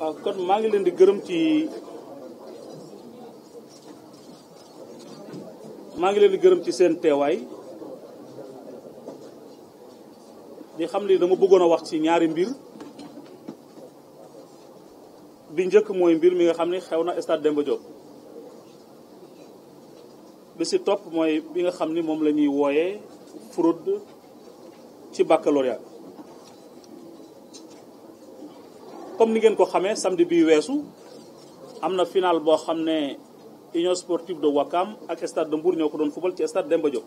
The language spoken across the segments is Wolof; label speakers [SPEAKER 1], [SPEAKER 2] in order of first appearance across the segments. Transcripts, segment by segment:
[SPEAKER 1] waaw ah, kon maa ngi leen di gërëm ci maa ngi leen di gërëm ci seen teewaay di xam ne dama bëggoon a wax ci ñaari mbir bi njëkk mooy mbir mi nga xam ne xew na stade Demba Diop bi si topp mooy bi nga xam ni moom la ñuy wooyee fraude ci baccalauréat comme ni ngeen ko xamee samedi bi weesu am na final boo xam ne Union Sportive de Wakam ak Stade de Mbour ñoo ko doon fubal ci Stade Demba Diop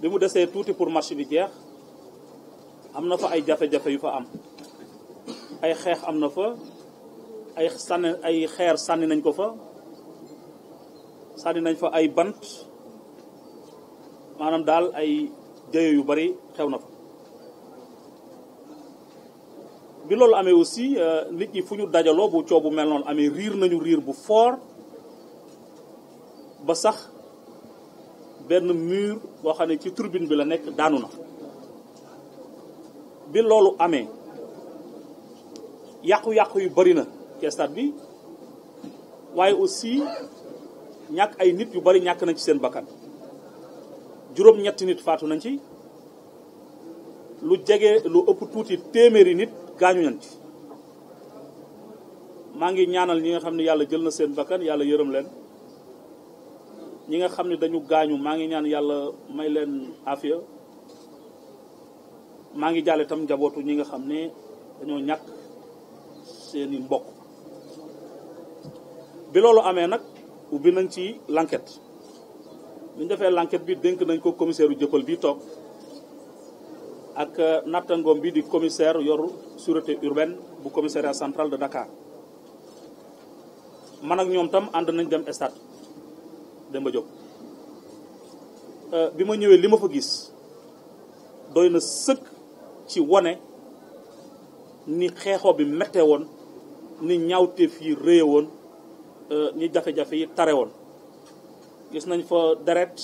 [SPEAKER 1] bi mu desee tuuti pour match bi jeex am na fa ay jafe yu fa am ay xeex am na fa ay sànni ay xeer sànni nañ ko fa sànni nañ fa ay bant maanaam daal ay jëye yu bari xew na fa bi loolu amee aussi euh, nit ñi fu ñu dajaloo bu coow bu mel noonu amee riir nañu riir bu fort ba sax benn mur boo xam ne ci tribune bi la nekk daanu na bi loolu amee yàqu-yàqu yu bari na ci bi waaye aussi ñàkk ay nit yu bari ñàkk nañ ci seen bakkan juróom-ñetti nit faatu nañ ci lu jege lu ëpp tuuti téeméeri nit gaañu nañ ci maa ngi ñaanal ñi nga xam ne yàlla jël na seen bakkan yàlla yërëm leen ñi nga xam ne dañu gaañu maa ngi ñaan yàlla may leen afiya maa ngi jàlle tam njabootu ñi nga xam ne dañoo ñàkk seeni mbokk bi loolu amee nag ubbi nañ ci l'enquête bi ñu defee l'enquête bi dénk nañ ko commissaire u jëppal bii toog ak euh, nattangoom bi di commissaire yor sûreté urbaine bu commissariat central de Dakar man ak ñoom tam ànd nañ dem stade Demba Diop euh, bi ma ñëwee li ma fa gis doy na sëkk ci wone ni xeexoo bi méttee woon ni ñaawteef yi réye woon euh, ni jafe-jafe yi tare woon gis nañ fa deret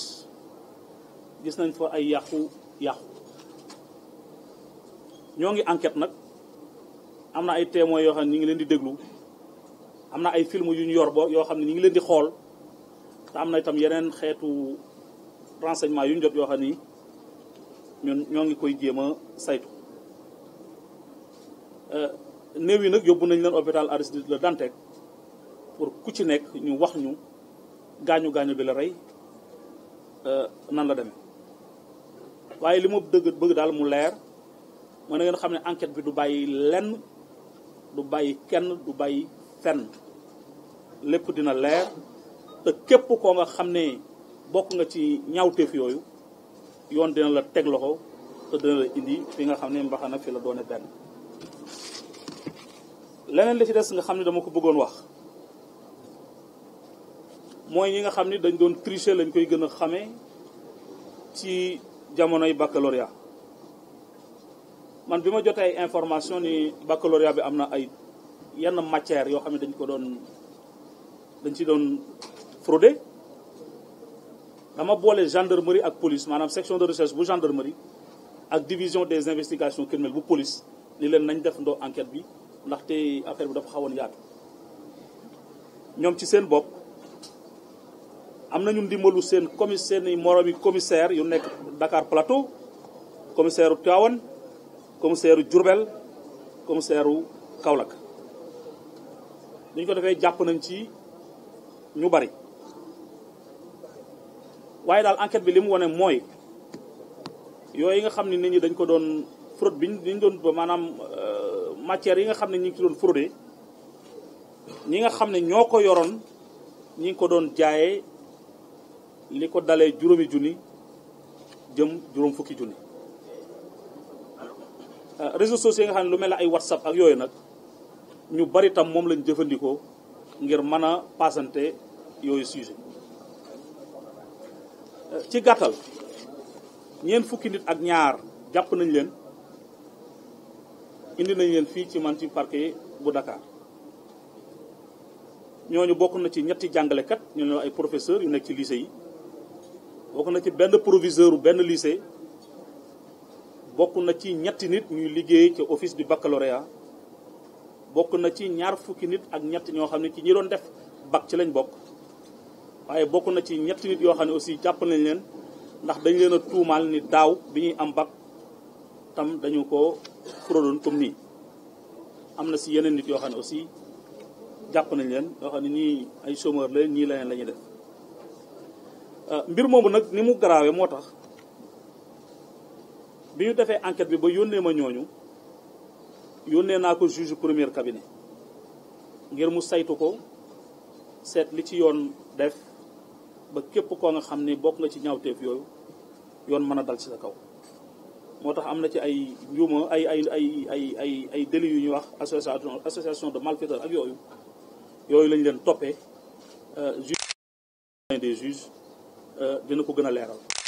[SPEAKER 1] gis nañ fa ay yàqu yàqu ñoo ngi enquête nag am na ay témoins yoo xam ne ñu ngi leen di déglu am na ay film yu ñu yor bo yoo xam ne ñu ngi leen di xool te am na itam yeneen xeetu renseignement yu ñu jot yoo xam ni ñun ñoo ngi koy jéem a saytu. Euh, néew yi nag yóbbu nañ leen hôpital Aristide Le Dantec pour ku ci nekk ñu wax ñu gaañu gaañu bi la rey euh, nan la demee waaye li ma dëgg bëgg daal mu leer. mooy na ngeen xam ne enquête bi du bàyyi lenn du bàyyi kenn du bàyyi fenn lépp dina leer te képp koo nga xam ne bokk nga ci ñaawteef yooyu yoon dina la teg loxo te dina la indi fi nga xam ne mbaxana fi la doone benn leneen li ci des nga xam ne dama ko bëggoon wax mooy ñi nga xam ni dañ doon tricher lañ koy gën a xamee ci jamonoy baccalauréat man bi ma jotee ay information ni baccalauréat bi am na ay yenn matière yoo xam ne dañ ko doon dañ ci doon fraudé dama boole gendarmerie ak police maanaam section de recherche bu gendarmerie ak division des investigations criminelles bu police ni leen nañ def ndoo enquête bi ndaxte affaire bi dafa xawoon yaatu ñoom ci seen bopp am nañu ndimbalu seen commis seen i commissaire yu nekk Dakar Plateau commissaire u Tivaouane commissaire Diourbel commissaire Kaolack kawlak dañ ko defee jàpp nañ ci ñu bari waaye daal enquete bi li mu wane mooy yooyu yi nga xam ne nit ñi dañ ko doon fraude bi ñu doon ba maanaam euh, matière yi nga xam ne ñi ngi ci doon fraude ñi nga xam ne ñoo ko yoroon ñi ngi ko doon jaayee li ko dalee juróomi junni jëm juróom fukki junni Euh, réseau sociaux yi nga xam ne lu mel ne ay whatsapp ak yooyu nag ñu bari tam moom lañu jëfandikoo ngir mën a paasante yooyu sujet euh, ci gàttal ñeent fukki nit ak ñaar jàpp nañ leen indi nañ leen fii ci man ci parquet bu ñoo ñu bokk na ci ñetti jàngalekat ñu ne ay professeurs yu nekk ci lycée yi bokk na ci benn proviseur benn lycée bokk na ci ñetti nit ñuy liggéey ci office du baccalauréat bokk na ci ñaar fukki nit ak ñett ñoo xam ne ci ñi doon def bac ci lañ bokk waaye bokk na ci ñetti nit yoo xam ne aussi jàpp nañ leen ndax dañ leen a ni daaw bi ñuy am bac tam dañu ko fraudoon comme nii am na si yeneen nit yoo xam ne aussi jàpp nañ leen xam ne ñii ay chômeur la ñii leneen la ñuy def euh, mbir moomu nag ni mu garaawee moo tax bi ñu defee enquête bi ba yónnee ma ñooñu yónnee naa ko juge premier cabinet ngir mu saytu ko seet li ci yoon def ba képp koo nga xam ni bokk nga ci ñaawteef yooyu yoon mën a dal ci sa kaw moo tax am na ci ay njuuma ay ay ay ay ay ay délits yu ñuy wax association association de malfaiteurs ak yooyu yooyu lañ leen toppee euh, juge des juges euh, dina ko gën a leeral